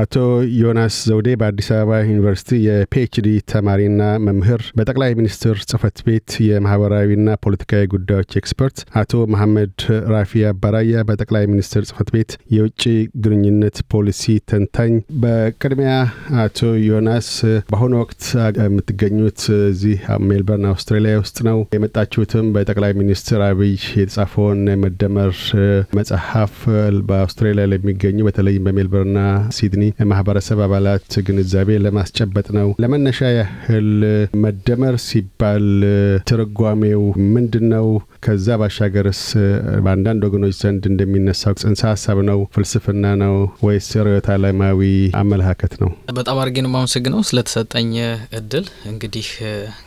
አቶ ዮናስ ዘውዴ በአዲስ አበባ ዩኒቨርሲቲ የፒኤችዲ ተማሪና መምህር፣ በጠቅላይ ሚኒስትር ጽህፈት ቤት የማህበራዊና ፖለቲካዊ ጉዳዮች ኤክስፐርት፣ አቶ መሐመድ ራፊ አባራያ በጠቅላይ ሚኒስትር ጽህፈት ቤት የውጭ ግንኙነት ፖሊሲ ተንታኝ። በቅድሚያ አቶ ዮናስ በአሁኑ ወቅት የምትገኙት እዚህ ሜልበርን አውስትራሊያ ውስጥ ነው። የመጣችሁትም በጠቅላይ ሚኒስትር አብይ የተጻፈውን መደመር መጽሐፍ በአውስትራሊያ ለሚገኙ በተለይም በሜልበርና ሲድኒ ማህበረሰብ አባላት ግንዛቤ ለማስጨበጥ ነው። ለመነሻ ያህል መደመር ሲባል ትርጓሜው ምንድን ነው? ከዛ ባሻገርስ በአንዳንድ ወገኖች ዘንድ እንደሚነሳው ጽንሰ ሀሳብ ነው፣ ፍልስፍና ነው ወይስ ርዕዮተ ዓለማዊ አመለካከት ነው? በጣም አድርጌ ነው የማመሰግነው ስለተሰጠኝ እድል። እንግዲህ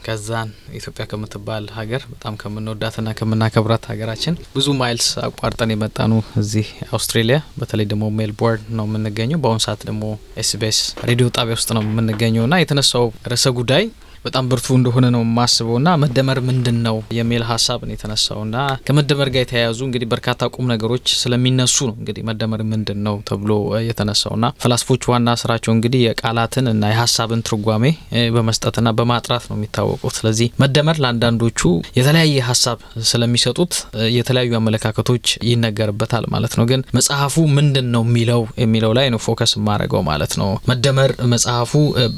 ከዛን ኢትዮጵያ ከምትባል ሀገር በጣም ከምንወዳትና ከምናከብራት ሀገራችን ብዙ ማይልስ አቋርጠን የመጣኑ እዚህ አውስትሬሊያ በተለይ ደግሞ ሜልቦርን ነው የምንገኘው በአሁኑ ሰዓት ደግሞ ኤስቢኤስ ሬዲዮ ጣቢያ ውስጥ ነው የምንገኘው የተነሳው ርዕሰ ጉዳይ በጣም ብርቱ እንደሆነ ነው የማስበው ና መደመር ምንድን ነው የሚል ሀሳብ ነው የተነሳው ና ከመደመር ጋር የተያያዙ እንግዲህ በርካታ ቁም ነገሮች ስለሚነሱ ነው እንግዲህ መደመር ምንድን ነው ተብሎ የተነሳው ና ፈላስፎች ዋና ስራቸው እንግዲህ የቃላትን እና የሀሳብን ትርጓሜ በመስጠትና በማጥራት ነው የሚታወቁት። ስለዚህ መደመር ለአንዳንዶቹ የተለያየ ሀሳብ ስለሚሰጡት የተለያዩ አመለካከቶች ይነገርበታል ማለት ነው። ግን መጽሐፉ ምንድን ነው የሚለው የሚለው ላይ ነው ፎከስ የማደርገው ማለት ነው። መደመር መጽሐፉ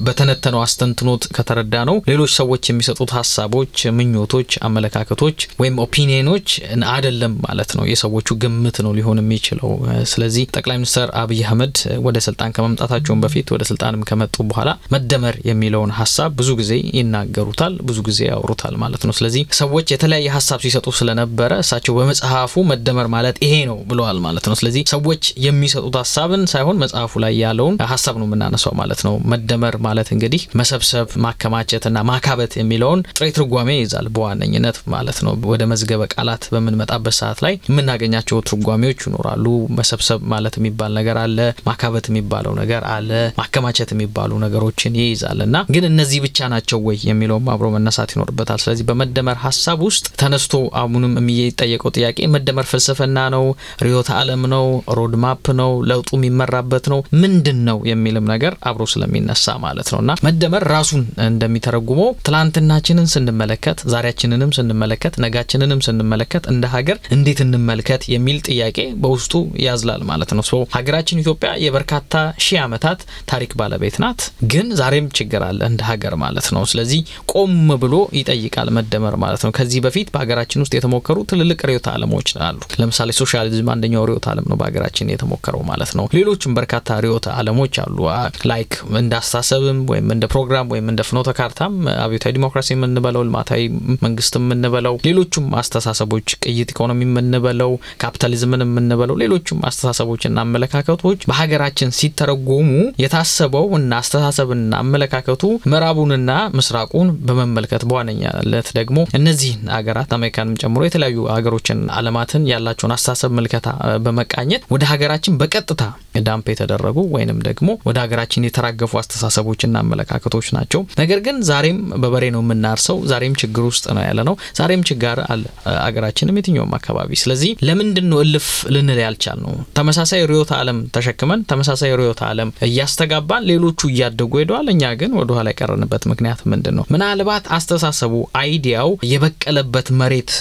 በተነተነው አስተንትኖት ከተረዳ ነው ሌሎች ሰዎች የሚሰጡት ሀሳቦች፣ ምኞቶች፣ አመለካከቶች ወይም ኦፒኒዮኖች አይደለም ማለት ነው። የሰዎቹ ግምት ነው ሊሆን የሚችለው። ስለዚህ ጠቅላይ ሚኒስትር አብይ አህመድ ወደ ስልጣን ከመምጣታቸውን በፊት ወደ ስልጣንም ከመጡ በኋላ መደመር የሚለውን ሀሳብ ብዙ ጊዜ ይናገሩታል፣ ብዙ ጊዜ ያወሩታል ማለት ነው። ስለዚህ ሰዎች የተለያየ ሀሳብ ሲሰጡ ስለነበረ እሳቸው በመጽሐፉ መደመር ማለት ይሄ ነው ብለዋል ማለት ነው። ስለዚህ ሰዎች የሚሰጡት ሀሳብን ሳይሆን መጽሐፉ ላይ ያለውን ሀሳብ ነው የምናነሳው ማለት ነው። መደመር ማለት እንግዲህ መሰብሰብ፣ ማከማቸት ማካተትና ማካበት የሚለውን ጥሬ ትርጓሜ ይይዛል በዋነኝነት ማለት ነው። ወደ መዝገበ ቃላት በምንመጣበት ሰዓት ላይ የምናገኛቸው ትርጓሜዎች ይኖራሉ። መሰብሰብ ማለት የሚባል ነገር አለ፣ ማካበት የሚባለው ነገር አለ፣ ማከማቸት የሚባሉ ነገሮችን ይይዛል እና ግን እነዚህ ብቻ ናቸው ወይ የሚለውም አብሮ መነሳት ይኖርበታል። ስለዚህ በመደመር ሀሳብ ውስጥ ተነስቶ አሁንም የሚጠየቀው ጥያቄ መደመር ፍልስፍና ነው፣ ርዕዮተ ዓለም ነው፣ ሮድማፕ ነው፣ ለውጡ የሚመራበት ነው፣ ምንድን ነው የሚልም ነገር አብሮ ስለሚነሳ ማለት ነው እና መደመር ራሱን እንደሚተረ ስንተረጉመው ትላንትናችንን ስንመለከት ዛሬያችንንም ስንመለከት ነጋችንንም ስንመለከት እንደ ሀገር እንዴት እንመልከት የሚል ጥያቄ በውስጡ ያዝላል ማለት ነው። ሀገራችን ኢትዮጵያ የበርካታ ሺህ ዓመታት ታሪክ ባለቤት ናት። ግን ዛሬም ችግር አለ እንደ ሀገር ማለት ነው። ስለዚህ ቆም ብሎ ይጠይቃል መደመር ማለት ነው። ከዚህ በፊት በሀገራችን ውስጥ የተሞከሩ ትልልቅ ርዕዮተ ዓለሞች አሉ። ለምሳሌ ሶሻሊዝም አንደኛው ርዕዮተ ዓለም ነው በሀገራችን የተሞከረው ማለት ነው። ሌሎችም በርካታ ርዕዮተ ዓለሞች አሉ። ላይክ እንደ አስተሳሰብም ወይም እንደ ፕሮግራም ወይም እንደ ፍኖተ ካርታ ሁኔታም አብዮታዊ ዲሞክራሲ የምንበለው ልማታዊ መንግስት የምንበለው ሌሎቹም አስተሳሰቦች ቅይጥ ኢኮኖሚ የምንበለው ካፒታሊዝምን የምንበለው ሌሎቹም አስተሳሰቦችና አመለካከቶች በሀገራችን ሲተረጎሙ የታሰበው እና አስተሳሰብና አመለካከቱ ምዕራቡንና ምስራቁን በመመልከት በዋነኛነት ደግሞ እነዚህን ሀገራት አሜሪካንም ጨምሮ የተለያዩ ሀገሮችን አለማትን ያላቸውን አስተሳሰብ ምልከታ በመቃኘት ወደ ሀገራችን በቀጥታ ዳምፕ የተደረጉ ወይንም ደግሞ ወደ ሀገራችን የተራገፉ አስተሳሰቦችና አመለካከቶች ናቸው። ነገር ግን ዛሬም በበሬ ነው የምናርሰው። ዛሬም ችግር ውስጥ ነው ያለ ነው። ዛሬም ችጋር አለ አገራችንም የትኛውም አካባቢ። ስለዚህ ለምንድን ነው እልፍ ልንል ያልቻል ነው? ተመሳሳይ ርዕዮተ ዓለም ተሸክመን ተመሳሳይ ርዕዮተ ዓለም እያስተጋባን ሌሎቹ እያደጉ ሄደዋል፣ እኛ ግን ወደኋላ የቀረንበት ምክንያት ምንድን ነው? ምናልባት አስተሳሰቡ አይዲያው የበቀለበት መሬት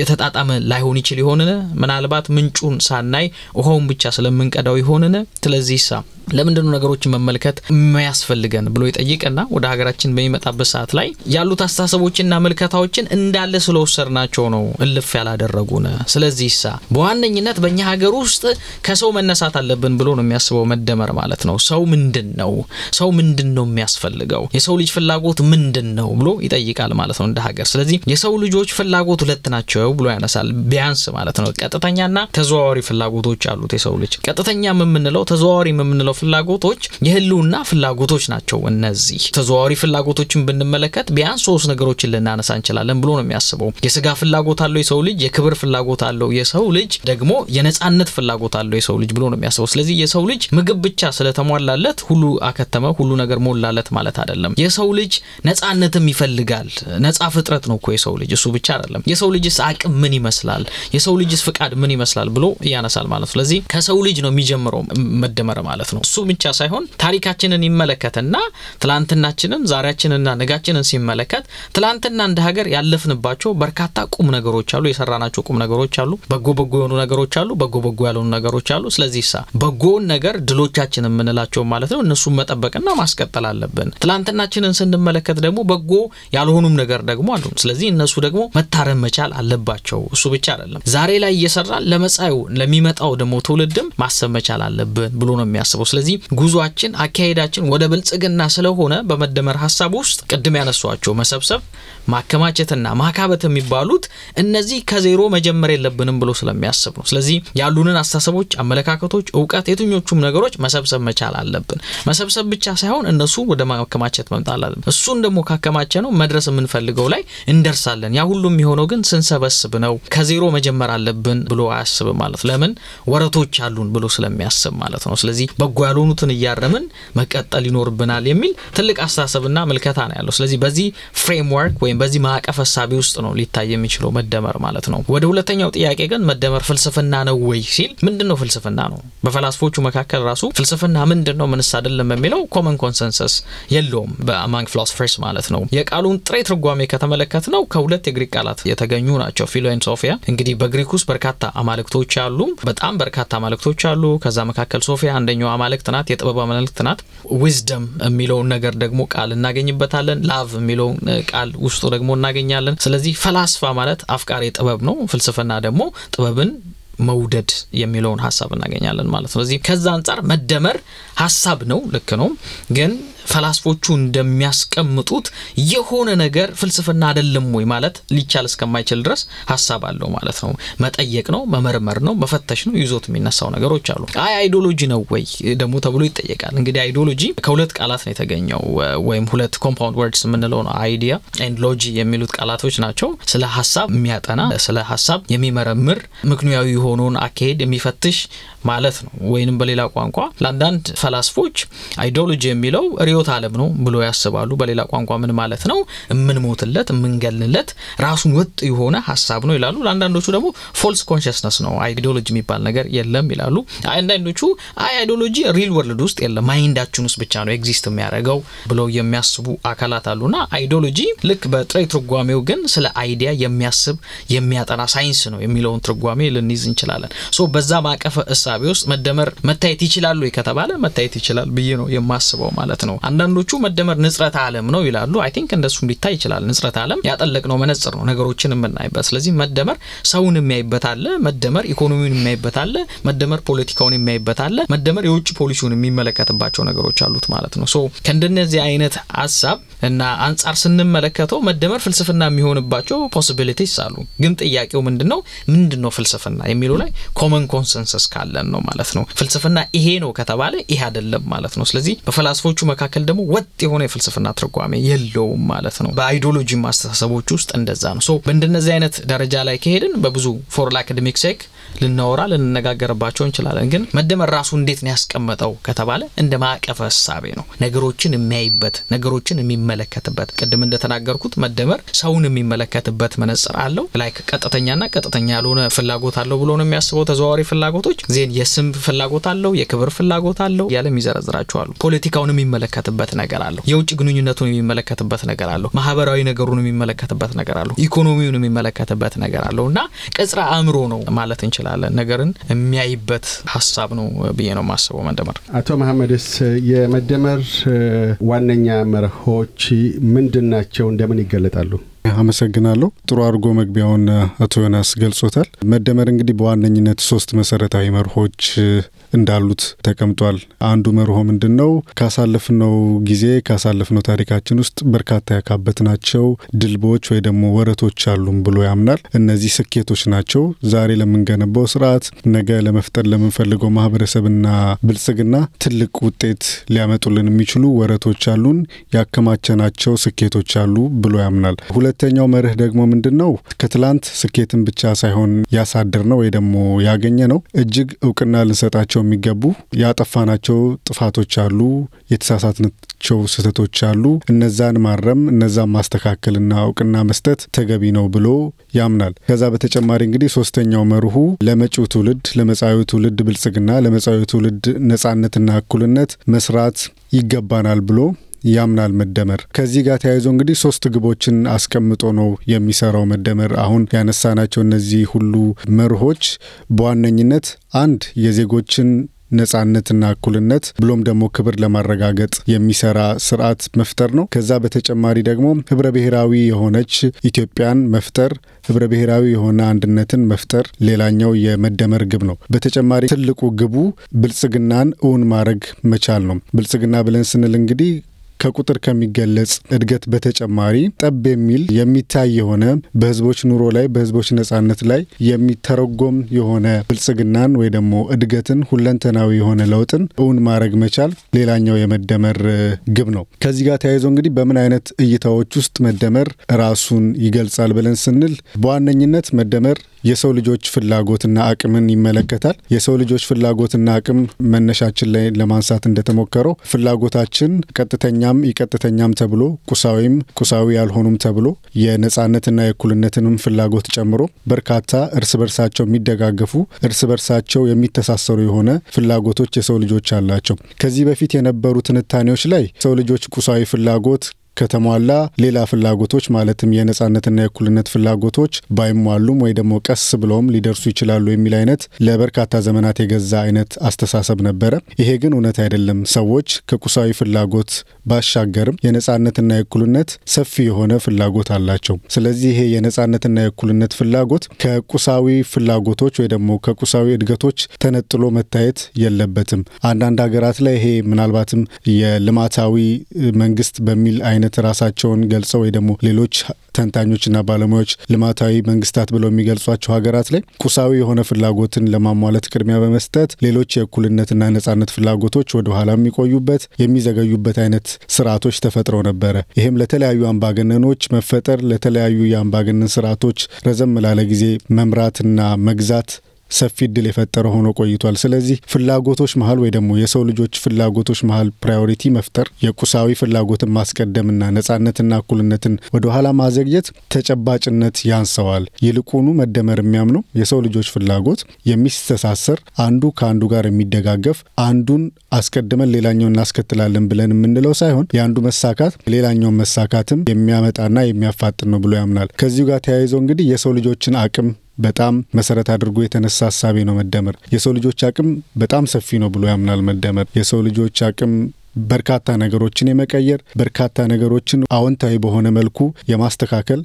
የተጣጣመ ላይሆን ይችል ይሆንን? ምናልባት ምንጩን ሳናይ ውሃውን ብቻ ስለምንቀዳው ይሆንን? ስለዚህ ሳ ለምንድን ነው ነገሮችን መመልከት የሚያስፈልገን ብሎ ይጠይቅና ወደ ሀገራችን በሚመጣበት ሰዓት ላይ ያሉት አስተሳሰቦችና ምልከታዎችን እንዳለ ስለወሰድናቸው ነው እልፍ ያላደረጉን። ስለዚህ ሳ በዋነኝነት በእኛ ሀገር ውስጥ ከሰው መነሳት አለብን ብሎ ነው የሚያስበው መደመር ማለት ነው። ሰው ምንድን ነው? ሰው ምንድን ነው የሚያስፈልገው? የሰው ልጅ ፍላጎት ምንድን ነው ብሎ ይጠይቃል ማለት ነው እንደ ሀገር። ስለዚህ የሰው ልጆች ፍላጎት ሁለት ናቸው ብሎ ያነሳል ቢያንስ ማለት ነው። ቀጥተኛና ተዘዋዋሪ ፍላጎቶች አሉት የሰው ልጅ። ቀጥተኛ የምንለው ተዘዋዋሪ የምንለው የምንለው ፍላጎቶች የህልውና ፍላጎቶች ናቸው። እነዚህ ተዘዋዋሪ ፍላጎቶችን ብንመለከት ቢያንስ ሶስት ነገሮችን ልናነሳ እንችላለን ብሎ ነው የሚያስበው። የስጋ ፍላጎት አለው የሰው ልጅ፣ የክብር ፍላጎት አለው የሰው ልጅ፣ ደግሞ የነጻነት ፍላጎት አለው የሰው ልጅ ብሎ ነው የሚያስበው። ስለዚህ የሰው ልጅ ምግብ ብቻ ስለተሟላለት ሁሉ አከተመ፣ ሁሉ ነገር ሞላለት ማለት አይደለም። የሰው ልጅ ነጻነትም ይፈልጋል። ነጻ ፍጥረት ነው እኮ የሰው ልጅ። እሱ ብቻ አይደለም። የሰው ልጅስ አቅም ምን ይመስላል? የሰው ልጅስ ፍቃድ ምን ይመስላል ብሎ ያነሳል ማለት ነው። ስለዚህ ከሰው ልጅ ነው የሚጀምረው መደመር ማለት ነው። ነው። እሱ ብቻ ሳይሆን ታሪካችንን ይመለከትና ትላንትናችንን፣ ዛሬያችንና ነጋችንን ሲመለከት ትላንትና እንደ ሀገር ያለፍንባቸው በርካታ ቁም ነገሮች አሉ፣ የሰራናቸው ቁም ነገሮች አሉ፣ በጎ በጎ የሆኑ ነገሮች አሉ፣ በጎ በጎ ያልሆኑ ነገሮች አሉ። ስለዚህ ሳ በጎውን ነገር ድሎቻችን የምንላቸው ማለት ነው እነሱን መጠበቅና ማስቀጠል አለብን። ትላንትናችንን ስንመለከት ደግሞ በጎ ያልሆኑም ነገር ደግሞ አሉ። ስለዚህ እነሱ ደግሞ መታረም መቻል አለባቸው። እሱ ብቻ አይደለም ዛሬ ላይ እየሰራን ለመጻዩ ለሚመጣው ደግሞ ትውልድም ማሰብ መቻል አለብን ብሎ ነው የሚያስበው። ስለዚህ ጉዟችን፣ አካሄዳችን ወደ ብልጽግና ስለሆነ በመደመር ሀሳብ ውስጥ ቅድም ያነሷቸው መሰብሰብ፣ ማከማቸትና ማካበት የሚባሉት እነዚህ ከዜሮ መጀመር የለብንም ብሎ ስለሚያስብ ነው። ስለዚህ ያሉንን አስተሳሰቦች፣ አመለካከቶች፣ እውቀት፣ የትኞቹም ነገሮች መሰብሰብ መቻል አለብን። መሰብሰብ ብቻ ሳይሆን እነሱ ወደ ማከማቸት መምጣት አለብን። እሱን ደግሞ ካከማቸ ነው መድረስ የምንፈልገው ላይ እንደርሳለን። ያ ሁሉም የሆነው ግን ስንሰበስብ ነው። ከዜሮ መጀመር አለብን ብሎ አያስብም ማለት ለምን ወረቶች አሉን ብሎ ስለሚያስብ ማለት ነው። ስለዚህ በጎ ያልሆኑትን እያረምን መቀጠል ይኖርብናል የሚል ትልቅ አስተሳሰብና ምልከታ ነው ያለው። ስለዚህ በዚህ ፍሬምወርክ ወይም በዚህ ማዕቀፍ ሀሳቢ ውስጥ ነው ሊታይ የሚችለው መደመር ማለት ነው። ወደ ሁለተኛው ጥያቄ ግን መደመር ፍልስፍና ነው ወይ ሲል ምንድን ነው ፍልስፍና ነው? በፈላስፎቹ መካከል ራሱ ፍልስፍና ምንድን ነው ምንስ አይደለም የሚለው ኮመን ኮንሰንሰስ የለውም በአማንግ ፊሎሶፈርስ ማለት ነው። የቃሉን ጥሬ ትርጓሜ ከተመለከት ነው ከሁለት የግሪክ ቃላት የተገኙ ናቸው። ፊሎን ሶፊያ እንግዲህ በግሪክ ውስጥ በርካታ አማልክቶች አሉ። በጣም በርካታ አማልክቶች አሉ። ከዛ መካከል ሶፊያ አንደኛው አማ የአማልክት ናት፣ የጥበባ አማልክት ናት። ዊዝደም የሚለውን ነገር ደግሞ ቃል እናገኝበታለን። ላቭ የሚለውን ቃል ውስጡ ደግሞ እናገኛለን። ስለዚህ ፈላስፋ ማለት አፍቃሪ ጥበብ ነው። ፍልስፍና ደግሞ ጥበብን መውደድ የሚለውን ሀሳብ እናገኛለን ማለት ነው። ስለዚህ ከዛ አንጻር መደመር ሀሳብ ነው፣ ልክ ነው ግን ፈላስፎቹ እንደሚያስቀምጡት የሆነ ነገር ፍልስፍና አይደለም ወይ ማለት ሊቻል እስከማይችል ድረስ ሀሳብ አለው ማለት ነው። መጠየቅ ነው፣ መመርመር ነው፣ መፈተሽ ነው። ይዞት የሚነሳው ነገሮች አሉ። አይ አይዲዮሎጂ ነው ወይ ደግሞ ተብሎ ይጠየቃል። እንግዲህ አይዲዮሎጂ ከሁለት ቃላት ነው የተገኘው ወይም ሁለት ኮምፓውንድ ወርድስ የምንለው ነው። አይዲያ ኤንድ ሎጂ የሚሉት ቃላቶች ናቸው። ስለ ሀሳብ የሚያጠና ስለ ሀሳብ የሚመረምር ምክንያዊ የሆነውን አካሄድ የሚፈትሽ ማለት ነው። ወይንም በሌላ ቋንቋ ለአንዳንድ ፈላስፎች አይዲዮሎጂ የሚለው ርዕዮተ ዓለም ነው ብሎ ያስባሉ። በሌላ ቋንቋ ምን ማለት ነው? የምንሞትለት የምንገልለት ራሱን ወጥ የሆነ ሀሳብ ነው ይላሉ። ለአንዳንዶቹ ደግሞ ፎልስ ኮንሽስነስ ነው አይዲዮሎጂ የሚባል ነገር የለም ይላሉ። አንዳንዶቹ አይ አይዲዮሎጂ ሪል ወርልድ ውስጥ የለም ማይንዳችን ውስጥ ብቻ ነው ኤግዚስት የሚያደርገው ብለው የሚያስቡ አካላት አሉና አይዲዮሎጂ ልክ በጥሬ ትርጓሜው ግን ስለ አይዲያ የሚያስብ የሚያጠና ሳይንስ ነው የሚለውን ትርጓሜ ልንይዝ እንችላለን። ሶ በዛ ማቀፈ እሳ እሳቤ ውስጥ መደመር መታየት ይችላሉ ከተባለ መታየት ይችላል ብዬ ነው የማስበው ማለት ነው። አንዳንዶቹ መደመር ንጽረት ዓለም ነው ይላሉ። አይ ቲንክ እንደሱ ሊታይ ይችላል። አለም ዓለም ያጠለቅነው መነጽር ነው ነገሮችን የምናይበት። ስለዚህ መደመር ሰውን የሚያይበት አለ፣ መደመር ኢኮኖሚውን የሚያይበት አለ፣ መደመር ፖለቲካውን የሚያይበት አለ፣ መደመር የውጭ ፖሊሲውን የሚመለከትባቸው ነገሮች አሉት ማለት ነው። ሶ ከእንደነዚህ አይነት ሀሳብ እና አንጻር ስንመለከተው መደመር ፍልስፍና የሚሆንባቸው ፖስቢሊቲስ አሉ። ግን ጥያቄው ምንድን ነው ምንድን ነው ፍልስፍና የሚለው ላይ ኮመን ኮንሰንሰስ ካለ ብለን ነው ማለት ነው። ፍልስፍና ይሄ ነው ከተባለ ይሄ አይደለም ማለት ነው። ስለዚህ በፈላስፎቹ መካከል ደግሞ ወጥ የሆነ የፍልስፍና ትርጓሜ የለውም ማለት ነው። በአይዲዮሎጂ ማስተሳሰቦች ውስጥ እንደዛ ነው። ሶ በእንደነዚህ አይነት ደረጃ ላይ ከሄድን በብዙ ፎርል አካዴሚክ ሴክ ልናወራ ልንነጋገርባቸው እንችላለን። ግን መደመር ራሱ እንዴት ነው ያስቀመጠው ከተባለ እንደ ማዕቀፈ እሳቤ ነው። ነገሮችን የሚያይበት ነገሮችን የሚመለከትበት ቅድም እንደተናገርኩት መደመር ሰውን የሚመለከትበት መነጽር አለው። ላይክ ቀጥተኛና ቀጥተኛ ያልሆነ ፍላጎት አለው ብሎ ነው የሚያስበው። ተዘዋዋሪ ፍላጎቶች ዜን የስም ፍላጎት አለው፣ የክብር ፍላጎት አለው እያለ የሚዘረዝራቸዋሉ። ፖለቲካውን የሚመለከትበት ነገር አለው። የውጭ ግንኙነቱን የሚመለከትበት ነገር አለው። ማህበራዊ ነገሩን የሚመለከትበት ነገር አለው። ኢኮኖሚውን የሚመለከትበት ነገር አለው እና ቅጽረ አእምሮ ነው ማለት እንችላል እንችላለን። ነገርን የሚያይበት ሀሳብ ነው ብዬ ነው የማስበው። መደመር አቶ መሀመድስ የመደመር ዋነኛ መርሆች ምንድን ናቸው? እንደምን ይገለጣሉ? አመሰግናለሁ። ጥሩ አድርጎ መግቢያውን አቶ ዮናስ ገልጾታል። መደመር እንግዲህ በዋነኝነት ሶስት መሰረታዊ መርሆች እንዳሉት ተቀምጧል። አንዱ መርሆ ምንድን ነው? ካሳለፍነው ጊዜ ካሳለፍነው ታሪካችን ውስጥ በርካታ ያካበትናቸው ድልቦች ወይ ደግሞ ወረቶች አሉም ብሎ ያምናል። እነዚህ ስኬቶች ናቸው ዛሬ ለምንገነባው ስርዓት፣ ነገ ለመፍጠር ለምንፈልገው ማህበረሰብና ብልጽግና ትልቅ ውጤት ሊያመጡልን የሚችሉ ወረቶች አሉን፣ ያከማቸናቸው ስኬቶች አሉ ብሎ ያምናል። ሁለተኛው መርህ ደግሞ ምንድን ነው? ከትላንት ስኬትን ብቻ ሳይሆን ያሳድር ነው ወይ ደግሞ ያገኘ ነው እጅግ እውቅና ልንሰጣቸው ልንላቸው የሚገቡ ያጠፋናቸው ጥፋቶች አሉ፣ የተሳሳትናቸው ስህተቶች አሉ። እነዛን ማረም፣ እነዛን ማስተካከልና እውቅና መስጠት ተገቢ ነው ብሎ ያምናል። ከዛ በተጨማሪ እንግዲህ ሶስተኛው መርሁ ለመጪው ትውልድ ለመጻዊ ትውልድ ብልጽግና ለመጻዊ ትውልድ ነጻነትና እኩልነት መስራት ይገባናል ብሎ ያምናል መደመር። ከዚህ ጋር ተያይዞ እንግዲህ ሶስት ግቦችን አስቀምጦ ነው የሚሰራው መደመር። አሁን ያነሳናቸው እነዚህ ሁሉ መርሆች በዋነኝነት አንድ የዜጎችን ነጻነትና እኩልነት ብሎም ደግሞ ክብር ለማረጋገጥ የሚሰራ ስርዓት መፍጠር ነው። ከዛ በተጨማሪ ደግሞ ህብረ ብሔራዊ የሆነች ኢትዮጵያን መፍጠር፣ ህብረ ብሔራዊ የሆነ አንድነትን መፍጠር ሌላኛው የመደመር ግብ ነው። በተጨማሪ ትልቁ ግቡ ብልጽግናን እውን ማድረግ መቻል ነው። ብልጽግና ብለን ስንል እንግዲህ ከቁጥር ከሚገለጽ እድገት በተጨማሪ ጠብ የሚል የሚታይ የሆነ በህዝቦች ኑሮ ላይ በህዝቦች ነጻነት ላይ የሚተረጎም የሆነ ብልጽግናን ወይ ደግሞ እድገትን ሁለንተናዊ የሆነ ለውጥን እውን ማድረግ መቻል ሌላኛው የመደመር ግብ ነው። ከዚህ ጋር ተያይዞ እንግዲህ በምን አይነት እይታዎች ውስጥ መደመር ራሱን ይገልጻል ብለን ስንል በዋነኝነት መደመር የሰው ልጆች ፍላጎትና አቅምን ይመለከታል። የሰው ልጆች ፍላጎትና አቅም መነሻችን ላይ ለማንሳት እንደተሞከረው ፍላጎታችን ቀጥተኛ ቀጥተኛም ኢቀጥተኛም ተብሎ ቁሳዊም ቁሳዊ ያልሆኑም ተብሎ የነጻነትና የእኩልነትንም ፍላጎት ጨምሮ በርካታ እርስ በርሳቸው የሚደጋገፉ እርስ በርሳቸው የሚተሳሰሩ የሆነ ፍላጎቶች የሰው ልጆች አላቸው። ከዚህ በፊት የነበሩ ትንታኔዎች ላይ ሰው ልጆች ቁሳዊ ፍላጎት ከተሟላ ሌላ ፍላጎቶች ማለትም የነጻነትና የእኩልነት ፍላጎቶች ባይሟሉም ወይ ደግሞ ቀስ ብለውም ሊደርሱ ይችላሉ የሚል አይነት ለበርካታ ዘመናት የገዛ አይነት አስተሳሰብ ነበረ። ይሄ ግን እውነት አይደለም። ሰዎች ከቁሳዊ ፍላጎት ባሻገርም የነጻነትና የእኩልነት ሰፊ የሆነ ፍላጎት አላቸው። ስለዚህ ይሄ የነጻነትና የእኩልነት ፍላጎት ከቁሳዊ ፍላጎቶች ወይ ደግሞ ከቁሳዊ እድገቶች ተነጥሎ መታየት የለበትም። አንዳንድ ሀገራት ላይ ይሄ ምናልባትም የልማታዊ መንግስት በሚል አይነት በሂደት ራሳቸውን ገልጸው ወይ ደግሞ ሌሎች ተንታኞችና ባለሙያዎች ልማታዊ መንግስታት ብለው የሚገልጿቸው ሀገራት ላይ ቁሳዊ የሆነ ፍላጎትን ለማሟለት ቅድሚያ በመስጠት ሌሎች የእኩልነትና ነጻነት ፍላጎቶች ወደ ኋላ የሚቆዩበት የሚዘገዩበት አይነት ስርዓቶች ተፈጥረው ነበረ። ይህም ለተለያዩ አምባገነኖች መፈጠር ለተለያዩ የአምባገነን ስርዓቶች ረዘም ላለ ጊዜ መምራትና መግዛት ሰፊ እድል የፈጠረ ሆኖ ቆይቷል። ስለዚህ ፍላጎቶች መሀል ወይ ደግሞ የሰው ልጆች ፍላጎቶች መሀል ፕራዮሪቲ መፍጠር የቁሳዊ ፍላጎትን ማስቀደምና ነጻነትና እኩልነትን ወደኋላ ማዘግየት ተጨባጭነት ያንሰዋል። ይልቁኑ መደመር የሚያምነው የሰው ልጆች ፍላጎት የሚስተሳሰር፣ አንዱ ከአንዱ ጋር የሚደጋገፍ፣ አንዱን አስቀድመን ሌላኛው እናስከትላለን ብለን የምንለው ሳይሆን የአንዱ መሳካት ሌላኛውን መሳካትም የሚያመጣና የሚያፋጥን ነው ብሎ ያምናል። ከዚሁ ጋር ተያይዘው እንግዲህ የሰው ልጆችን አቅም በጣም መሰረት አድርጎ የተነሳ ሀሳቤ ነው መደመር። የሰው ልጆች አቅም በጣም ሰፊ ነው ብሎ ያምናል መደመር። የሰው ልጆች አቅም በርካታ ነገሮችን የመቀየር በርካታ ነገሮችን አዎንታዊ በሆነ መልኩ የማስተካከል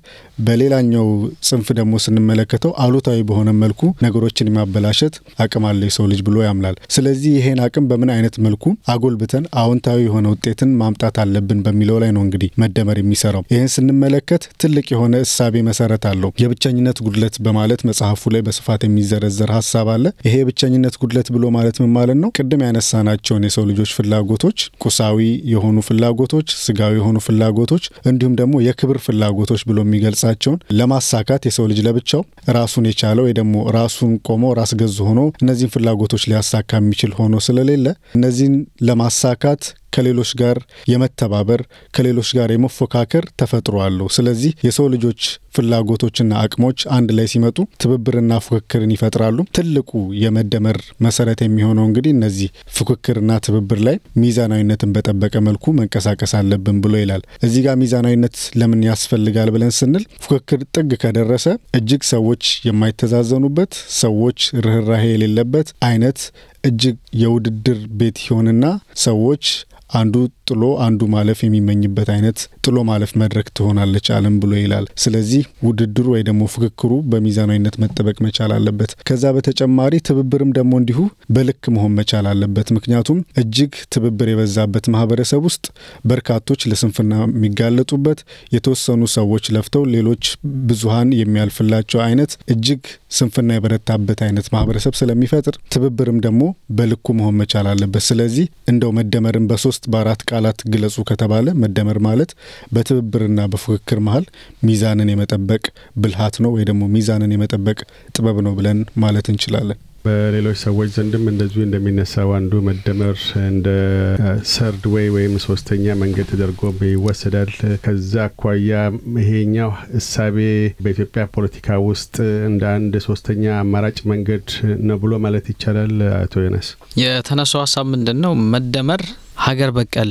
በሌላኛው ጽንፍ ደግሞ ስንመለከተው አሉታዊ በሆነ መልኩ ነገሮችን የማበላሸት አቅም አለ የሰው ልጅ ብሎ ያምናል። ስለዚህ ይሄን አቅም በምን አይነት መልኩ አጎልብተን አዎንታዊ የሆነ ውጤትን ማምጣት አለብን በሚለው ላይ ነው እንግዲህ መደመር የሚሰራው። ይህን ስንመለከት ትልቅ የሆነ እሳቤ መሰረት አለው። የብቸኝነት ጉድለት በማለት መጽሐፉ ላይ በስፋት የሚዘረዘር ሀሳብ አለ። ይሄ የብቸኝነት ጉድለት ብሎ ማለት ምን ማለት ነው? ቅድም ያነሳናቸውን የሰው ልጆች ፍላጎቶች ቁሳዊ የሆኑ ፍላጎቶች፣ ስጋዊ የሆኑ ፍላጎቶች እንዲሁም ደግሞ የክብር ፍላጎቶች ብሎ የሚገልጻቸውን ለማሳካት የሰው ልጅ ለብቻው ራሱን የቻለ ወይ ደግሞ ራሱን ቆሞ ራስ ገዝ ሆኖ እነዚህን ፍላጎቶች ሊያሳካ የሚችል ሆኖ ስለሌለ እነዚህን ለማሳካት ከሌሎች ጋር የመተባበር ከሌሎች ጋር የመፎካከር ተፈጥሮ አለው። ስለዚህ የሰው ልጆች ፍላጎቶችና አቅሞች አንድ ላይ ሲመጡ ትብብርና ፉክክርን ይፈጥራሉ። ትልቁ የመደመር መሰረት የሚሆነው እንግዲህ እነዚህ ፉክክርና ትብብር ላይ ሚዛናዊነትን በጠበቀ መልኩ መንቀሳቀስ አለብን ብሎ ይላል። እዚህ ጋር ሚዛናዊነት ለምን ያስፈልጋል ብለን ስንል ፉክክር ጥግ ከደረሰ እጅግ ሰዎች የማይተዛዘኑበት ሰዎች ርኅራሄ የሌለበት አይነት እጅግ የውድድር ቤት ይሆንና ሰዎች አንዱ ጥሎ አንዱ ማለፍ የሚመኝበት አይነት ጥሎ ማለፍ መድረክ ትሆናለች ዓለም ብሎ ይላል። ስለዚህ ውድድሩ ወይ ደግሞ ፍክክሩ በሚዛናዊነት መጠበቅ መቻል አለበት። ከዛ በተጨማሪ ትብብርም ደግሞ እንዲሁ በልክ መሆን መቻል አለበት። ምክንያቱም እጅግ ትብብር የበዛበት ማህበረሰብ ውስጥ በርካቶች ለስንፍና የሚጋለጡበት፣ የተወሰኑ ሰዎች ለፍተው ሌሎች ብዙሃን የሚያልፍላቸው አይነት እጅግ ስንፍና የበረታበት አይነት ማህበረሰብ ስለሚፈጥር ትብብርም ደግሞ በልኩ መሆን መቻል አለበት። ስለዚህ እንደው መደመርን በሶስት በሶስት በአራት ቃላት ግለጹ ከተባለ መደመር ማለት በትብብርና በፉክክር መሀል ሚዛንን የመጠበቅ ብልሃት ነው ወይ ደግሞ ሚዛንን የመጠበቅ ጥበብ ነው ብለን ማለት እንችላለን። በሌሎች ሰዎች ዘንድም እንደዚሁ እንደሚነሳው አንዱ መደመር እንደ ሰርድ ወይ ወይም ሶስተኛ መንገድ ተደርጎ ይወሰዳል። ከዛ አኳያ ይሄኛው እሳቤ በኢትዮጵያ ፖለቲካ ውስጥ እንደ አንድ ሶስተኛ አማራጭ መንገድ ነው ብሎ ማለት ይቻላል። አቶ ዮናስ የተነሳው ሀሳብ ምንድን ነው? መደመር ሀገር በቀል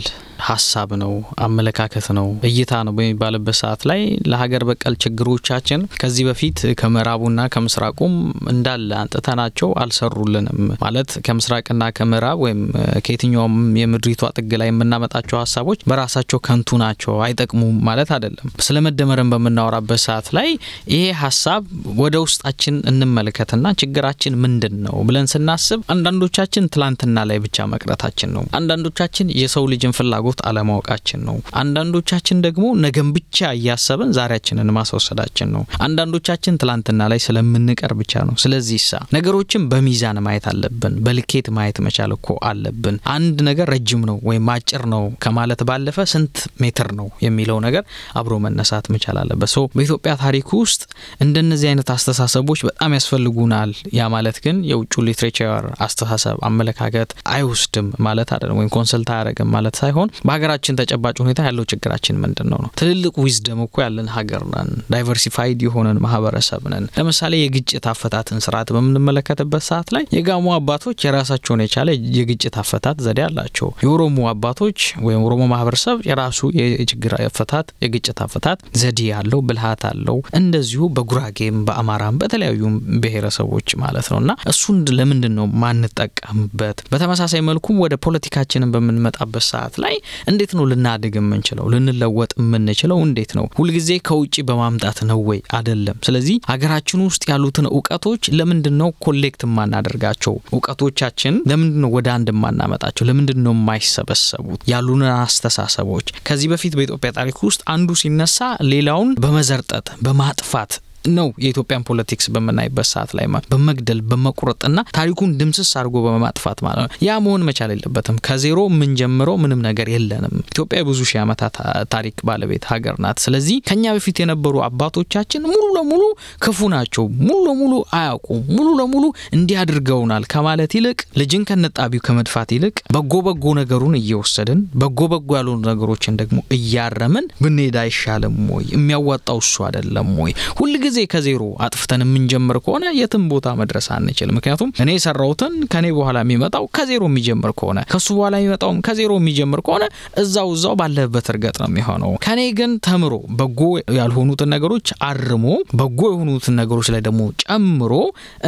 ሀሳብ ነው፣ አመለካከት ነው፣ እይታ ነው በሚባልበት ሰዓት ላይ ለሀገር በቀል ችግሮቻችን ከዚህ በፊት ከምዕራቡና ከምስራቁም እንዳለ አንጥተናቸው አልሰሩልንም። ማለት ከምስራቅና ከምዕራብ ወይም ከየትኛውም የምድሪቷ ጥግ ላይ የምናመጣቸው ሀሳቦች በራሳቸው ከንቱ ናቸው፣ አይጠቅሙም ማለት አይደለም። ስለ መደመርን በምናወራበት ሰዓት ላይ ይሄ ሀሳብ ወደ ውስጣችን እንመልከትና ችግራችን ምንድን ነው ብለን ስናስብ አንዳንዶቻችን ትላንትና ላይ ብቻ መቅረታችን ነው። አንዳንዶቻችን ብዙዎቻችን የሰው ልጅን ፍላጎት አለማወቃችን ነው። አንዳንዶቻችን ደግሞ ነገን ብቻ እያሰብን ዛሬያችንን ማስወሰዳችን ነው። አንዳንዶቻችን ትላንትና ላይ ስለምንቀር ብቻ ነው። ስለዚህ ሳ ነገሮችን በሚዛን ማየት አለብን። በልኬት ማየት መቻል እኮ አለብን። አንድ ነገር ረጅም ነው ወይም አጭር ነው ከማለት ባለፈ ስንት ሜትር ነው የሚለው ነገር አብሮ መነሳት መቻል አለበት። ሶ በኢትዮጵያ ታሪክ ውስጥ እንደነዚህ አይነት አስተሳሰቦች በጣም ያስፈልጉናል። ያ ማለት ግን የውጭ ሊትሬቸር አስተሳሰብ አመለካከት አይወስድም ማለት አይደለም ወይም ኮንት አያደረግም ማለት ሳይሆን በሀገራችን ተጨባጭ ሁኔታ ያለው ችግራችን ምንድን ነው ነው። ትልልቅ ዊዝደም እኮ ያለን ሀገር ነን፣ ዳይቨርሲፋይድ የሆነን ማህበረሰብ ነን። ለምሳሌ የግጭት አፈታትን ስርዓት በምንመለከትበት ሰዓት ላይ የጋሞ አባቶች የራሳቸውን የቻለ የግጭት አፈታት ዘዴ አላቸው። የኦሮሞ አባቶች ወይም ኦሮሞ ማህበረሰብ የራሱ የችግር አፈታት የግጭት አፈታት ዘዴ ያለው ብልሃት አለው። እንደዚሁ በጉራጌም በአማራም በተለያዩ ብሔረሰቦች ማለት ነው እና እሱን ለምንድን ነው ማንጠቀምበት? በተመሳሳይ መልኩም ወደ ፖለቲካችንን በምን በምንመጣበት ሰዓት ላይ እንዴት ነው ልናድግ የምንችለው? ልንለወጥ የምንችለው እንዴት ነው? ሁልጊዜ ከውጭ በማምጣት ነው ወይ? አይደለም። ስለዚህ ሀገራችን ውስጥ ያሉትን እውቀቶች ለምንድን ነው ኮሌክት የማናደርጋቸው? እውቀቶቻችን ለምንድን ነው ወደ አንድ የማናመጣቸው? ለምንድን ነው የማይሰበሰቡት? ያሉንን አስተሳሰቦች ከዚህ በፊት በኢትዮጵያ ታሪክ ውስጥ አንዱ ሲነሳ ሌላውን በመዘርጠት በማጥፋት ነው የኢትዮጵያን ፖለቲክስ በምናይበት ሰዓት ላይ በመግደል በመቁረጥና ታሪኩን ድምስስ አድርጎ በማጥፋት ማለት ነው። ያ መሆን መቻል የለበትም። ከዜሮ ምን ጀምሮ ምንም ነገር የለንም። ኢትዮጵያ የብዙ ሺህ ዓመታት ታሪክ ባለቤት ሀገር ናት። ስለዚህ ከኛ በፊት የነበሩ አባቶቻችን ሙሉ ለሙሉ ክፉ ናቸው፣ ሙሉ ለሙሉ አያውቁም፣ ሙሉ ለሙሉ እንዲያድርገውናል ከማለት ይልቅ ልጅን ከነጣቢው ከመድፋት ይልቅ በጎ በጎ ነገሩን እየወሰድን በጎ በጎ ያልሆኑ ነገሮችን ደግሞ እያረምን ብንሄድ አይሻልም ወይ? የሚያዋጣው እሱ አይደለም ወይ? ሁልጊዜ ሁልጊዜ ከዜሮ አጥፍተን የምንጀምር ከሆነ የትም ቦታ መድረስ አንችል። ምክንያቱም እኔ የሰራሁትን ከኔ በኋላ የሚመጣው ከዜሮ የሚጀምር ከሆነ ከሱ በኋላ የሚመጣውም ከዜሮ የሚጀምር ከሆነ እዛው እዛው ባለበት እርገጥ ነው የሚሆነው። ከኔ ግን ተምሮ በጎ ያልሆኑትን ነገሮች አርሞ በጎ የሆኑትን ነገሮች ላይ ደግሞ ጨምሮ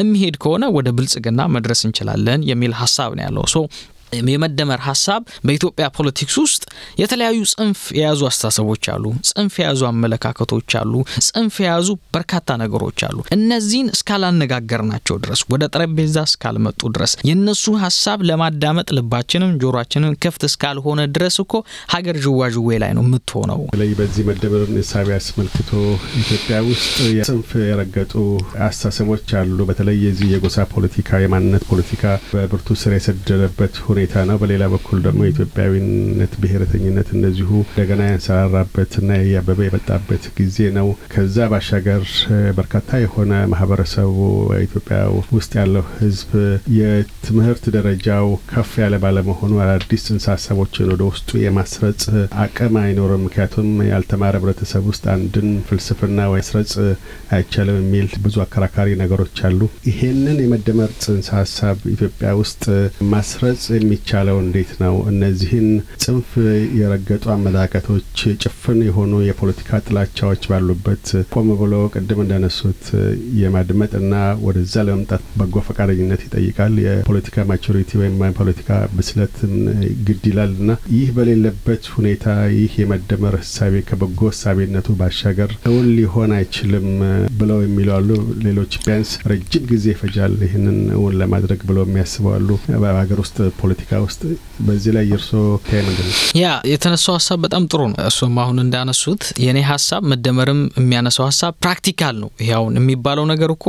የሚሄድ ከሆነ ወደ ብልጽግና መድረስ እንችላለን የሚል ሀሳብ ነው ያለው ሶ የመደመር ሀሳብ በኢትዮጵያ ፖለቲክስ ውስጥ የተለያዩ ጽንፍ የያዙ አስተሳሰቦች አሉ፣ ጽንፍ የያዙ አመለካከቶች አሉ፣ ጽንፍ የያዙ በርካታ ነገሮች አሉ። እነዚህን እስካላነጋገር ናቸው ድረስ ወደ ጠረጴዛ እስካልመጡ ድረስ የእነሱ ሀሳብ ለማዳመጥ ልባችንም ጆሯችንም ክፍት እስካልሆነ ድረስ እኮ ሀገር ዥዋዥዌ ላይ ነው የምትሆነው። ላይ በዚህ መደመርን ሳቢ አስመልክቶ ኢትዮጵያ ውስጥ ጽንፍ የረገጡ አስተሳሰቦች አሉ። በተለይ የዚህ የጎሳ ፖለቲካ የማንነት ፖለቲካ በብርቱ ስር የሰደደበት ሁኔታ ነው። በሌላ በኩል ደግሞ የኢትዮጵያዊነት ብሔረተኝነት እነዚሁ እንደገና ያንሰራራበትና ያበበ የመጣበት ጊዜ ነው። ከዛ ባሻገር በርካታ የሆነ ማህበረሰቡ ኢትዮጵያ ውስጥ ያለው ህዝብ የትምህርት ደረጃው ከፍ ያለ ባለመሆኑ አዳዲስ ጽንሰ ሀሳቦችን ወደ ውስጡ የማስረጽ አቅም አይኖርም። ምክንያቱም ያልተማረ ህብረተሰብ ውስጥ አንድን ፍልስፍና ወይ ማስረጽ አይቻልም የሚል ብዙ አከራካሪ ነገሮች አሉ። ይሄንን የመደመር ጽንሰ ሀሳብ ኢትዮጵያ ውስጥ ማስረጽ የሚቻለው እንዴት ነው? እነዚህን ጽንፍ የረገጡ አመላከቶች ጭፍን የሆኑ የፖለቲካ ጥላቻዎች ባሉበት ቆም ብሎ ቅድም እንዳነሱት የማድመጥና ወደዛ ለመምጣት በጎ ፈቃደኝነት ይጠይቃል። የፖለቲካ ማቹሪቲ ወይም የፖለቲካ ብስለትን ግድ ይላል እና ይህ በሌለበት ሁኔታ ይህ የመደመር ህሳቤ ከበጎ ህሳቤነቱ ባሻገር እውን ሊሆን አይችልም ብለው የሚሉ አሉ። ሌሎች ቢያንስ ረጅም ጊዜ ይፈጃል ይህንን እውን ለማድረግ ብለው የሚያስበዋሉ በሀገር ውስጥ ፖለቲካ ውስጥ በዚህ ላይ የእርሶ ታይ ምንድን ነው? ያ የተነሳው ሀሳብ በጣም ጥሩ ነው። እሱም አሁን እንዳነሱት የእኔ ሀሳብ መደመርም የሚያነሳው ሀሳብ ፕራክቲካል ነው። ይሄ አሁን የሚባለው ነገር እኮ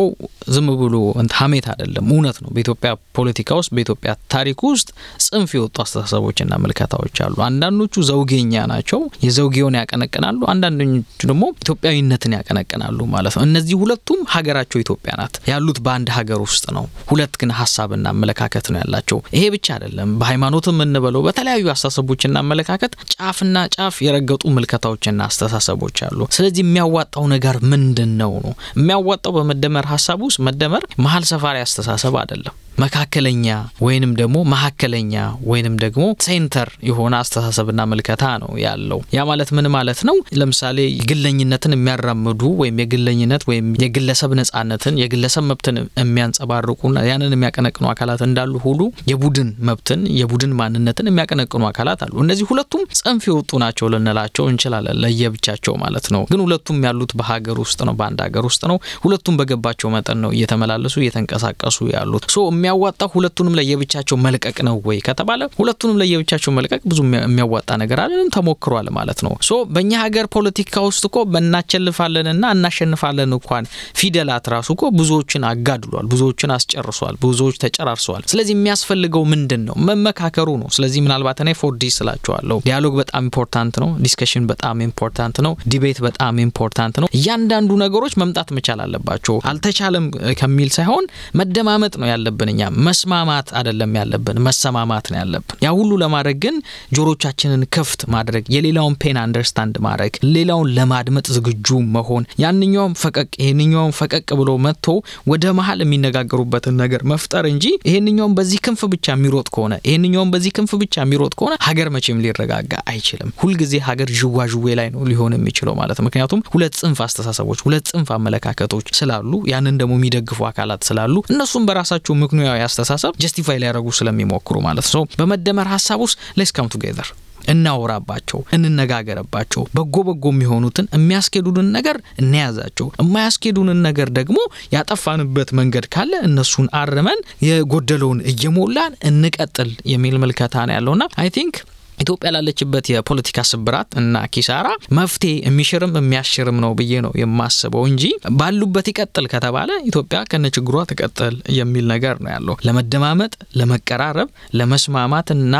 ዝም ብሎ ሀሜት አይደለም፣ እውነት ነው። በኢትዮጵያ ፖለቲካ ውስጥ በኢትዮጵያ ታሪክ ውስጥ ጽንፍ የወጡ አስተሳሰቦችና ምልከታዎች አሉ። አንዳንዶቹ ዘውጌኛ ናቸው፣ የዘውጌውን ያቀነቅናሉ። አንዳንዶቹ ደግሞ ኢትዮጵያዊነትን ያቀነቅናሉ ማለት ነው። እነዚህ ሁለቱም ሀገራቸው ኢትዮጵያ ናት፣ ያሉት በአንድ ሀገር ውስጥ ነው። ሁለት ግን ሀሳብና አመለካከት ነው ያላቸው። ይሄ ብቻ አይደለም አይደለም። በሃይማኖትም እንበለው በተለያዩ አስተሳሰቦችና አመለካከት ጫፍና ጫፍ የረገጡ ምልከታዎችና አስተሳሰቦች አሉ። ስለዚህ የሚያዋጣው ነገር ምንድን ነው ነው የሚያዋጣው በመደመር ሀሳብ ውስጥ መደመር መሀል ሰፋሪ አስተሳሰብ አይደለም። መካከለኛ ወይንም ደግሞ መካከለኛ ወይንም ደግሞ ሴንተር የሆነ አስተሳሰብና ምልከታ ነው ያለው። ያ ማለት ምን ማለት ነው? ለምሳሌ ግለኝነትን የሚያራምዱ ወይም የግለኝነት ወይም የግለሰብ ነጻነትን የግለሰብ መብትን የሚያንጸባርቁና ያንን የሚያቀነቅኑ አካላት እንዳሉ ሁሉ የቡድን መብትን የቡድን ማንነትን የሚያቀነቅኑ አካላት አሉ። እነዚህ ሁለቱም ጽንፍ የወጡ ናቸው ልንላቸው እንችላለን፣ ለየብቻቸው ማለት ነው። ግን ሁለቱም ያሉት በሀገር ውስጥ ነው፣ በአንድ ሀገር ውስጥ ነው። ሁለቱም በገባቸው መጠን ነው እየተመላለሱ እየተንቀሳቀሱ ያሉት የሚያዋጣው ሁለቱንም ለየብቻቸው መልቀቅ ነው ወይ ከተባለ ሁለቱንም ለየብቻቸው መልቀቅ ብዙ የሚያዋጣ ነገር አለንም ተሞክሯል ማለት ነው። ሶ በእኛ ሀገር ፖለቲካ ውስጥ እኮ በእናቸልፋለንና እናሸንፋለን እንኳን ፊደላት ራሱ እኮ ብዙዎችን አጋድሏል፣ ብዙዎችን አስጨርሷል፣ ብዙዎች ተጨራርሰዋል። ስለዚህ የሚያስፈልገው ምንድን ነው? መመካከሩ ነው። ስለዚህ ምናልባት እኔ ፎር ዲ ስላቸዋለሁ። ዲያሎግ በጣም ኢምፖርታንት ነው። ዲስከሽን በጣም ኢምፖርታንት ነው። ዲቤት በጣም ኢምፖርታንት ነው። እያንዳንዱ ነገሮች መምጣት መቻል አለባቸው። አልተቻለም ከሚል ሳይሆን መደማመጥ ነው ያለብን። አይገኛም። መስማማት አይደለም ያለብን፣ መሰማማት ነው ያለብን። ያ ሁሉ ለማድረግ ግን ጆሮቻችንን ክፍት ማድረግ፣ የሌላውን ፔን አንደርስታንድ ማድረግ፣ ሌላውን ለማድመጥ ዝግጁ መሆን፣ ያንኛውም ፈቀቅ ይህንኛውም ፈቀቅ ብሎ መጥቶ ወደ መሀል የሚነጋገሩበትን ነገር መፍጠር እንጂ ይህንኛውም በዚህ ክንፍ ብቻ የሚሮጥ ከሆነ ይህንኛውም በዚህ ክንፍ ብቻ የሚሮጥ ከሆነ ሀገር መቼም ሊረጋጋ አይችልም። ሁልጊዜ ሀገር ዥዋዥዌ ላይ ነው ሊሆን የሚችለው ማለት ምክንያቱም ሁለት ጽንፍ አስተሳሰቦች፣ ሁለት ጽንፍ አመለካከቶች ስላሉ ያንን ደግሞ የሚደግፉ አካላት ስላሉ እነሱም በራሳቸው ምክንያት ሙያዊ አስተሳሰብ ጀስቲፋይ ሊያደረጉ ስለሚሞክሩ ማለት ነው። በመደመር ሀሳብ ውስጥ ሌስ ካም ቱጌዘር እናወራባቸው፣ እንነጋገርባቸው። በጎ በጎ የሚሆኑትን የሚያስኬዱንን ነገር እናያዛቸው የማያስኬዱንን ነገር ደግሞ ያጠፋንበት መንገድ ካለ እነሱን አርመን የጎደለውን እየሞላን እንቀጥል የሚል ምልከታ ነው ያለውና አይ ቲንክ ኢትዮጵያ ላለችበት የፖለቲካ ስብራት እና ኪሳራ መፍትሄ የሚሽርም የሚያሽርም ነው ብዬ ነው የማስበው እንጂ ባሉበት ይቀጥል ከተባለ ኢትዮጵያ ከነ ችግሯ ትቀጥል የሚል ነገር ነው ያለው። ለመደማመጥ፣ ለመቀራረብ፣ ለመስማማትና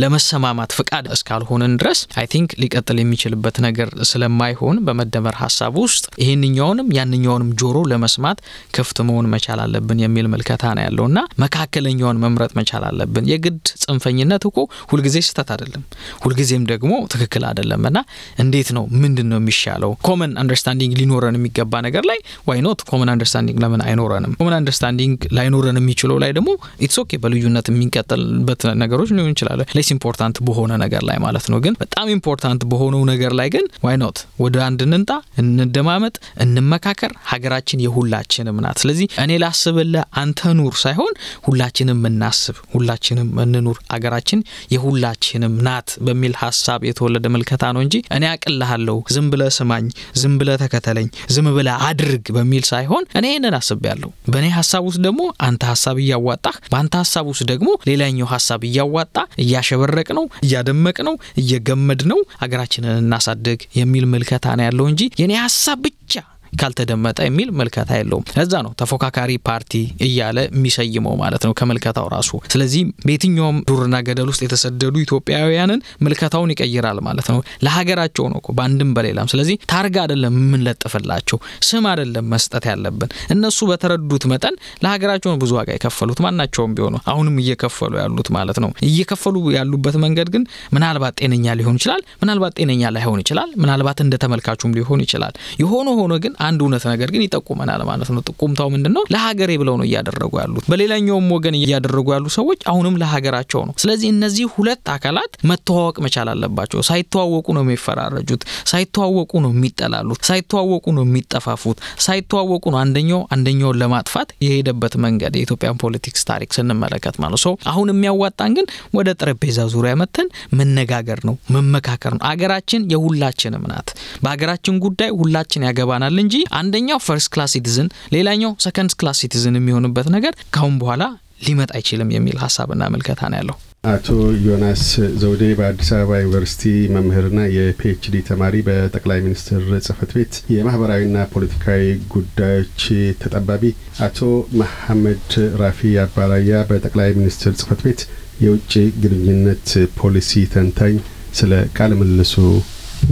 ለመሰማማት ፍቃድ እስካልሆንን ድረስ አይ ቲንክ ሊቀጥል የሚችልበት ነገር ስለማይሆን በመደመር ሀሳብ ውስጥ ይህንኛውንም ያንኛውንም ጆሮ ለመስማት ክፍት መሆን መቻል አለብን የሚል ምልከታ ነው እና መካከለኛውን መምረጥ መቻል አለብን። የግድ ጽንፈኝነት እኮ ሁልጊዜ ስህተት አይደለም። አይደለም፣ ሁልጊዜም ደግሞ ትክክል አይደለም። እና እንዴት ነው ምንድን ነው የሚሻለው? ኮመን አንደርስታንዲንግ ሊኖረን የሚገባ ነገር ላይ ዋይ ኖት ኮመን አንደርስታንዲንግ ለምን አይኖረንም? ኮመን አንደርስታንዲንግ ላይኖረን የሚችለው ላይ ደግሞ ኢትስ ኦኬ በልዩነት የሚቀጠልበት ነገሮች ሊሆን ይችላል። ሌስ ኢምፖርታንት በሆነ ነገር ላይ ማለት ነው። ግን በጣም ኢምፖርታንት በሆነው ነገር ላይ ግን ዋይ ኖት ወደ አንድ እንንጣ፣ እንደማመጥ፣ እንመካከር። ሀገራችን የሁላችንም ናት። ስለዚህ እኔ ላስብለ አንተ ኑር ሳይሆን ሁላችንም እናስብ፣ ሁላችንም እንኑር። ሀገራችን የሁላችንም ናት በሚል ሀሳብ የተወለደ ምልከታ ነው እንጂ እኔ አቅልሃለሁ፣ ዝም ብለ ስማኝ፣ ዝም ብለ ተከተለኝ፣ ዝም ብለ አድርግ በሚል ሳይሆን እኔ ይህንን ያለሁ በእኔ ሀሳብ ውስጥ ደግሞ አንተ ሀሳብ እያዋጣህ፣ በአንተ ሀሳብ ውስጥ ደግሞ ሌላኛው ሀሳብ እያዋጣ እያሸበረቅ ነው፣ እያደመቅ ነው፣ እየገመድ ነው፣ ሀገራችንን እናሳድግ የሚል ምልከታ ነው ያለው እንጂ የእኔ ሀሳብ ብቻ ካልተደመጠ የሚል ምልከታ የለውም። ለዛ ነው ተፎካካሪ ፓርቲ እያለ የሚሰይመው ማለት ነው ከምልከታው ራሱ። ስለዚህ በየትኛውም ዱርና ገደል ውስጥ የተሰደዱ ኢትዮጵያውያንን ምልከታውን ይቀይራል ማለት ነው። ለሀገራቸው ነው በአንድም በሌላም። ስለዚህ ታርጋ አይደለም የምንለጥፍላቸው፣ ስም አይደለም መስጠት ያለብን። እነሱ በተረዱት መጠን ለሀገራቸውን ብዙ ዋጋ የከፈሉት ማናቸውም ቢሆኑ አሁንም እየከፈሉ ያሉት ማለት ነው። እየከፈሉ ያሉበት መንገድ ግን ምናልባት ጤነኛ ሊሆን ይችላል፣ ምናልባት ጤነኛ ላይሆን ይችላል፣ ምናልባት እንደ ተመልካቹም ሊሆን ይችላል። የሆነ ሆኖ ግን አንድ እውነት ነገር ግን ይጠቁመናል ማለት ነው። ጥቁምታው ምንድን ነው? ለሀገሬ ብለው ነው እያደረጉ ያሉት። በሌላኛውም ወገን እያደረጉ ያሉ ሰዎች አሁንም ለሀገራቸው ነው። ስለዚህ እነዚህ ሁለት አካላት መተዋወቅ መቻል አለባቸው። ሳይተዋወቁ ነው የሚፈራረጁት፣ ሳይተዋወቁ ነው የሚጠላሉት፣ ሳይተዋወቁ ነው የሚጠፋፉት፣ ሳይተዋወቁ ነው አንደኛው አንደኛውን ለማጥፋት የሄደበት መንገድ የኢትዮጵያን ፖለቲክስ ታሪክ ስንመለከት ማለት ሰው አሁን የሚያዋጣን ግን ወደ ጠረጴዛ ዙሪያ መተን መነጋገር ነው መመካከር ነው። አገራችን የሁላችንም ናት። በሀገራችን ጉዳይ ሁላችን ያገባናል እንጂ አንደኛው ፈርስት ክላስ ሲቲዝን ሌላኛው ሰከንድ ክላስ ሲቲዝን የሚሆንበት ነገር ካሁን በኋላ ሊመጣ አይችልም የሚል ሀሳብና ምልከታ ነው ያለው። አቶ ዮናስ ዘውዴ በአዲስ አበባ ዩኒቨርሲቲ መምህርና የፒኤችዲ ተማሪ በጠቅላይ ሚኒስትር ጽህፈት ቤት የማህበራዊና ፖለቲካዊ ጉዳዮች ተጠባቢ፣ አቶ መሐመድ ራፊ አባላያ በጠቅላይ ሚኒስትር ጽህፈት ቤት የውጭ ግንኙነት ፖሊሲ ተንታኝ፣ ስለ ቃለ ምልልሱ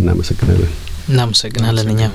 እናመሰግናለን። እናመሰግናለን እኛም